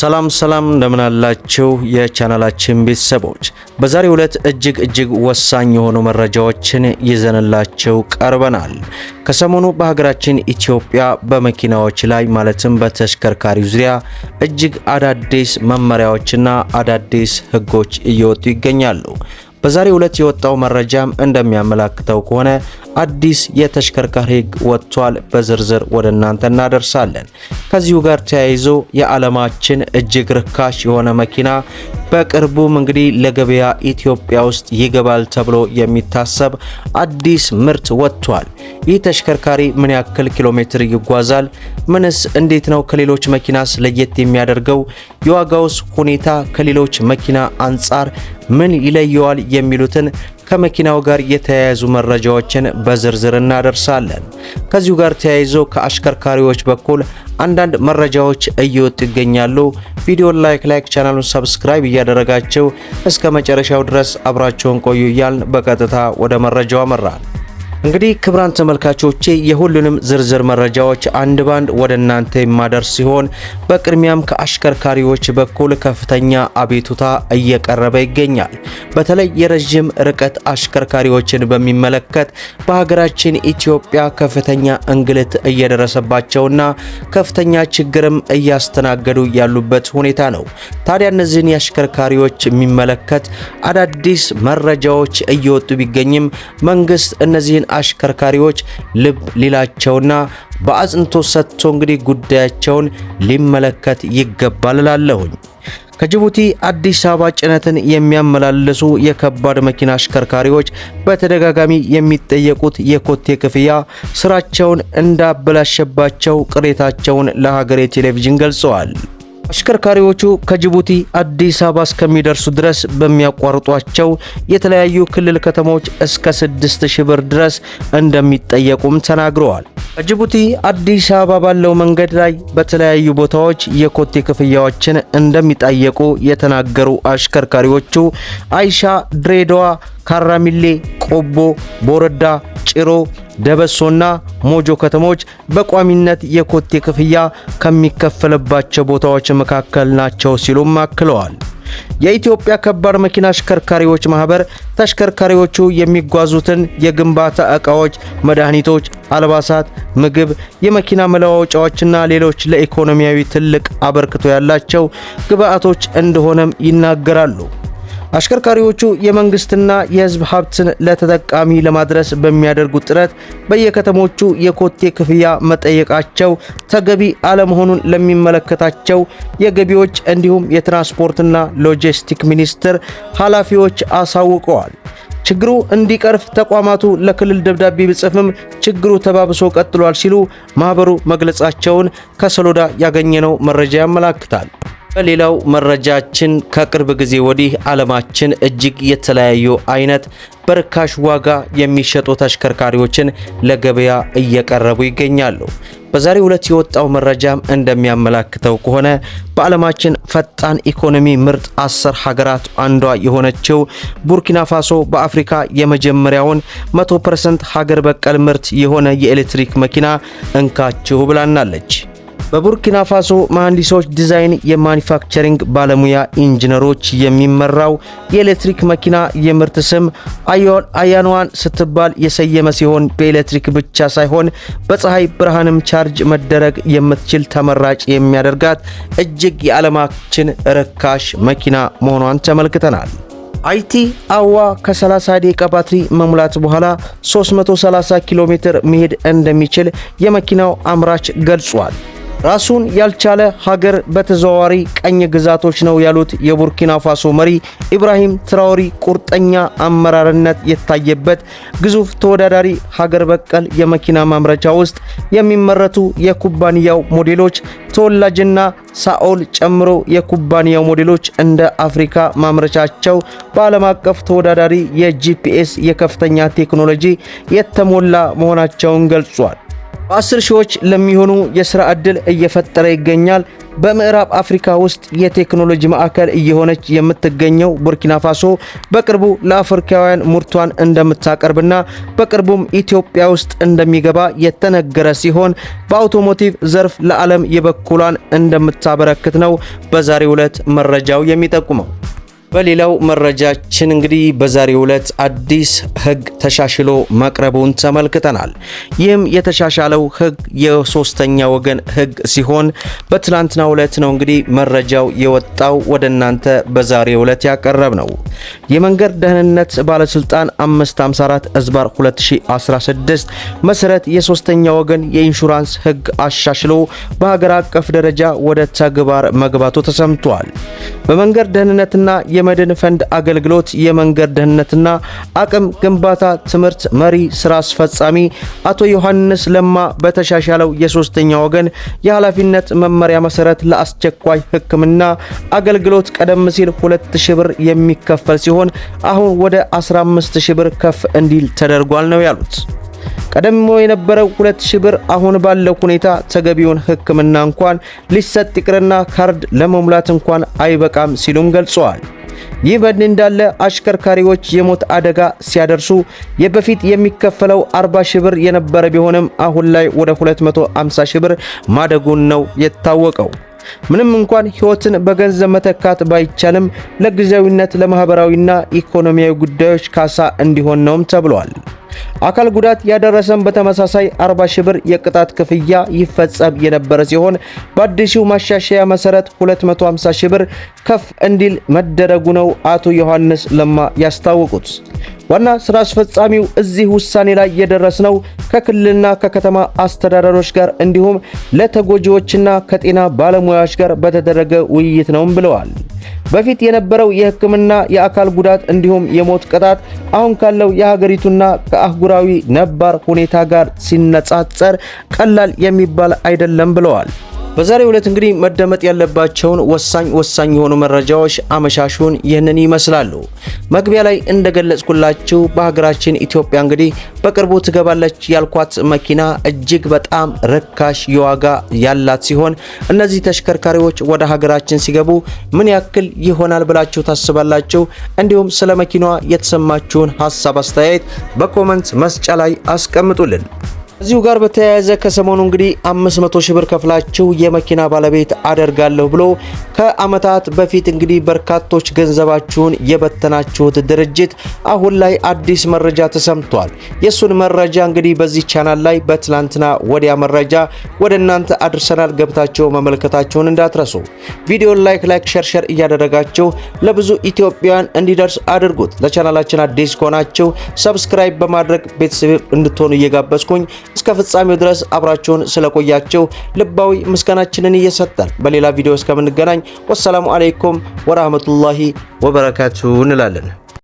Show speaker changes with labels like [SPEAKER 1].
[SPEAKER 1] ሰላም ሰላም እንደምን አላችሁ የቻናላችን ቤተሰቦች፣ በዛሬው ዕለት እጅግ እጅግ ወሳኝ የሆኑ መረጃዎችን ይዘንላችሁ ቀርበናል። ከሰሞኑ በሀገራችን ኢትዮጵያ በመኪናዎች ላይ ማለትም በተሽከርካሪ ዙሪያ እጅግ አዳዲስ መመሪያዎችና አዳዲስ ሕጎች እየወጡ ይገኛሉ። በዛሬው ዕለት የወጣው መረጃም እንደሚያመላክተው ከሆነ አዲስ የተሽከርካሪ ህግ ወጥቷል። በዝርዝር ወደ እናንተ እናደርሳለን። ከዚሁ ጋር ተያይዞ የዓለማችን እጅግ ርካሽ የሆነ መኪና በቅርቡም እንግዲህ ለገበያ ኢትዮጵያ ውስጥ ይገባል ተብሎ የሚታሰብ አዲስ ምርት ወጥቷል። ይህ ተሽከርካሪ ምን ያክል ኪሎ ሜትር ይጓዛል? ምንስ እንዴት ነው ከሌሎች መኪናስ ለየት የሚያደርገው? የዋጋውስ ሁኔታ ከሌሎች መኪና አንጻር ምን ይለየዋል? የሚሉትን ከመኪናው ጋር የተያያዙ መረጃዎችን በዝርዝር እናደርሳለን። ከዚሁ ጋር ተያይዞ ከአሽከርካሪዎች በኩል አንዳንድ መረጃዎች እየወጡ ይገኛሉ። ቪዲዮን ላይክ ላይክ ቻናሉን ሰብስክራይብ እያደረጋቸው እስከ መጨረሻው ድረስ አብራቸውን ቆዩ እያልን በቀጥታ ወደ መረጃው አመራል። እንግዲህ ክብራን ተመልካቾቼ የሁሉንም ዝርዝር መረጃዎች አንድ ባንድ ወደ እናንተ የማደርስ ሲሆን በቅድሚያም ከአሽከርካሪዎች በኩል ከፍተኛ አቤቱታ እየቀረበ ይገኛል። በተለይ የረዥም ርቀት አሽከርካሪዎችን በሚመለከት በሀገራችን ኢትዮጵያ ከፍተኛ እንግልት እየደረሰባቸውና ከፍተኛ ችግርም እያስተናገዱ ያሉበት ሁኔታ ነው። ታዲያ እነዚህን የአሽከርካሪዎች የሚመለከት አዳዲስ መረጃዎች እየወጡ ቢገኝም መንግስት እነዚህን አሽከርካሪዎች ልብ ሊላቸውና በአጽንቶ ሰጥቶ እንግዲህ ጉዳያቸውን ሊመለከት ይገባል እላለሁኝ። ከጅቡቲ አዲስ አበባ ጭነትን የሚያመላልሱ የከባድ መኪና አሽከርካሪዎች በተደጋጋሚ የሚጠየቁት የኮቴ ክፍያ ስራቸውን እንዳበላሸባቸው ቅሬታቸውን ለሀገሬ ቴሌቪዥን ገልጸዋል። አሽከርካሪዎቹ ከጅቡቲ አዲስ አበባ እስከሚደርሱ ድረስ በሚያቋርጧቸው የተለያዩ ክልል ከተሞች እስከ 6000 ብር ድረስ እንደሚጠየቁም ተናግረዋል። በጅቡቲ አዲስ አበባ ባለው መንገድ ላይ በተለያዩ ቦታዎች የኮቴ ክፍያዎችን እንደሚጠየቁ የተናገሩ አሽከርካሪዎቹ አይሻ፣ ድሬዳዋ፣ ካራሚሌ፣ ቆቦ፣ ቦረዳ ጭሮ፣ ደበሶና ሞጆ ከተሞች በቋሚነት የኮቴ ክፍያ ከሚከፈልባቸው ቦታዎች መካከል ናቸው ሲሉም አክለዋል። የኢትዮጵያ ከባድ መኪና አሽከርካሪዎች ማህበር ተሽከርካሪዎቹ የሚጓዙትን የግንባታ ዕቃዎች፣ መድኃኒቶች፣ አልባሳት፣ ምግብ፣ የመኪና መለዋወጫዎችና ሌሎች ለኢኮኖሚያዊ ትልቅ አበርክቶ ያላቸው ግብአቶች እንደሆነም ይናገራሉ። አሽከርካሪዎቹ የመንግስትና የህዝብ ሀብትን ለተጠቃሚ ለማድረስ በሚያደርጉት ጥረት በየከተሞቹ የኮቴ ክፍያ መጠየቃቸው ተገቢ አለመሆኑን ለሚመለከታቸው የገቢዎች እንዲሁም የትራንስፖርትና ሎጂስቲክ ሚኒስቴር ኃላፊዎች አሳውቀዋል። ችግሩ እንዲቀርፍ ተቋማቱ ለክልል ደብዳቤ ቢጽፍም ችግሩ ተባብሶ ቀጥሏል ሲሉ ማኅበሩ መግለጻቸውን ከሰሎዳ ያገኘነው መረጃ ያመላክታል። በሌላው መረጃችን ከቅርብ ጊዜ ወዲህ ዓለማችን እጅግ የተለያዩ አይነት በርካሽ ዋጋ የሚሸጡ ተሽከርካሪዎችን ለገበያ እየቀረቡ ይገኛሉ። በዛሬው ዕለት የወጣው መረጃም እንደሚያመላክተው ከሆነ በዓለማችን ፈጣን ኢኮኖሚ ምርጥ አስር ሀገራት አንዷ የሆነችው ቡርኪና ፋሶ በአፍሪካ የመጀመሪያውን 100% ሀገር በቀል ምርት የሆነ የኤሌክትሪክ መኪና እንካችሁ ብላናለች። በቡርኪና ፋሶ መሐንዲሶች ዲዛይን የማኒፋክቸሪንግ ባለሙያ ኢንጂነሮች የሚመራው የኤሌክትሪክ መኪና የምርት ስም አዮን አያንዋን ስትባል የሰየመ ሲሆን በኤሌክትሪክ ብቻ ሳይሆን በፀሐይ ብርሃንም ቻርጅ መደረግ የምትችል ተመራጭ የሚያደርጋት እጅግ የዓለማችን ርካሽ መኪና መሆኗን ተመልክተናል። አይቲ አዋ ከ30 ደቂቃ ባትሪ መሙላት በኋላ 330 ኪሎ ሜትር መሄድ እንደሚችል የመኪናው አምራች ገልጿል። ራሱን ያልቻለ ሀገር በተዘዋዋሪ ቀኝ ግዛቶች ነው ያሉት የቡርኪና ፋሶ መሪ ኢብራሂም ትራውሪ ቁርጠኛ አመራርነት የታየበት ግዙፍ ተወዳዳሪ ሀገር በቀል የመኪና ማምረቻ ውስጥ የሚመረቱ የኩባንያው ሞዴሎች ተወላጅና ሳኦል ጨምሮ የኩባንያው ሞዴሎች እንደ አፍሪካ ማምረቻቸው በዓለም አቀፍ ተወዳዳሪ የጂፒኤስ የከፍተኛ ቴክኖሎጂ የተሞላ መሆናቸውን ገልጿል። አስር ሺዎች ለሚሆኑ የሥራ ዕድል እየፈጠረ ይገኛል። በምዕራብ አፍሪካ ውስጥ የቴክኖሎጂ ማዕከል እየሆነች የምትገኘው ቡርኪና ፋሶ በቅርቡ ለአፍሪካውያን ምርቷን እንደምታቀርብና በቅርቡም ኢትዮጵያ ውስጥ እንደሚገባ የተነገረ ሲሆን በአውቶሞቲቭ ዘርፍ ለዓለም የበኩሏን እንደምታበረክት ነው በዛሬው ዕለት መረጃው የሚጠቁመው። በሌላው መረጃችን እንግዲህ በዛሬው ዕለት አዲስ ህግ ተሻሽሎ መቅረቡን ተመልክተናል። ይህም የተሻሻለው ህግ የሶስተኛ ወገን ህግ ሲሆን በትላንትናው ዕለት ነው እንግዲህ መረጃው የወጣው ወደ እናንተ በዛሬው ዕለት ያቀረብ ነው። የመንገድ ደህንነት ባለስልጣን 554 እዝባር 2016 መሰረት የሶስተኛ ወገን የኢንሹራንስ ህግ አሻሽሎ በሀገር አቀፍ ደረጃ ወደ ተግባር መግባቱ ተሰምቷል። በመንገድ ደህንነትና የመድን ፈንድ አገልግሎት የመንገድ ደህንነትና አቅም ግንባታ ትምህርት መሪ ስራ አስፈጻሚ አቶ ዮሐንስ ለማ በተሻሻለው የሶስተኛ ወገን የኃላፊነት መመሪያ መሰረት ለአስቸኳይ ሕክምና አገልግሎት ቀደም ሲል 2000 ብር የሚከፈል ሲሆን አሁን ወደ 15000 ብር ከፍ እንዲል ተደርጓል ነው ያሉት። ቀደምሞ የነበረው ሁለት ሺህ ብር አሁን ባለው ሁኔታ ተገቢውን ሕክምና እንኳን ሊሰጥ ይቅርና ካርድ ለመሙላት እንኳን አይበቃም ሲሉም ገልጸዋል። ይህ በእንዲህ እንዳለ አሽከርካሪዎች የሞት አደጋ ሲያደርሱ የበፊት የሚከፈለው 40 ሺህ ብር የነበረ ቢሆንም አሁን ላይ ወደ 250 ሺህ ብር ማደጉን ነው የታወቀው። ምንም እንኳን ሕይወትን በገንዘብ መተካት ባይቻልም ለጊዜያዊነት ለማህበራዊና ኢኮኖሚያዊ ጉዳዮች ካሳ እንዲሆን ነውም ተብሏል። አካል ጉዳት ያደረሰም በተመሳሳይ 40 ሺህ ብር የቅጣት ክፍያ ይፈጸም የነበረ ሲሆን በአዲሱ ማሻሻያ መሰረት 250 ሺህ ብር ከፍ እንዲል መደረጉ ነው አቶ ዮሐንስ ለማ ያስታወቁት። ዋና ስራ አስፈጻሚው እዚህ ውሳኔ ላይ የደረስነው ከክልልና ከከተማ አስተዳደሮች ጋር እንዲሁም ለተጎጂዎችና ከጤና ባለሙያዎች ጋር በተደረገ ውይይት ነውም ብለዋል። በፊት የነበረው የሕክምና የአካል ጉዳት እንዲሁም የሞት ቅጣት አሁን ካለው የሀገሪቱና ከአህጉራዊ ነባር ሁኔታ ጋር ሲነጻጸር ቀላል የሚባል አይደለም ብለዋል። በዛሬው ዕለት እንግዲህ መደመጥ ያለባቸውን ወሳኝ ወሳኝ የሆኑ መረጃዎች አመሻሹን ይህንን ይመስላሉ። መግቢያ ላይ እንደገለጽኩላችሁ በሀገራችን ኢትዮጵያ እንግዲህ በቅርቡ ትገባለች ያልኳት መኪና እጅግ በጣም ርካሽ የዋጋ ያላት ሲሆን እነዚህ ተሽከርካሪዎች ወደ ሀገራችን ሲገቡ ምን ያክል ይሆናል ብላችሁ ታስባላችሁ? እንዲሁም ስለ መኪናዋ የተሰማችሁን ሀሳብ አስተያየት በኮመንት መስጫ ላይ አስቀምጡልን። እዚሁ ጋር በተያያዘ ከሰሞኑ እንግዲህ 500 ሺህ ብር ከፍላችሁ የመኪና ባለቤት አደርጋለሁ ብሎ ከአመታት በፊት እንግዲህ በርካቶች ገንዘባችሁን የበተናችሁት ድርጅት አሁን ላይ አዲስ መረጃ ተሰምቷል። የሱን መረጃ እንግዲህ በዚህ ቻናል ላይ በትላንትና ወዲያ መረጃ ወደ እናንተ አድርሰናል። ገብታችሁ መመልከታችሁን እንዳትረሱ። ቪዲዮን ላይክ ላይክ ሸር ሸር እያደረጋችሁ ለብዙ ኢትዮጵያውያን እንዲደርስ አድርጉት። ለቻናላችን አዲስ ከሆናችሁ ሰብስክራይብ በማድረግ ቤተሰብ እንድትሆኑ እየጋበዝኩኝ እስከ ፍጻሜው ድረስ አብራችሁን ስለቆያችሁ ልባዊ ምስጋናችንን እየሰጠን በሌላ ቪዲዮ እስከምንገናኝ ወሰላሙ አሌይኩም ወራህመቱላሂ ወበረካቱ እንላለን።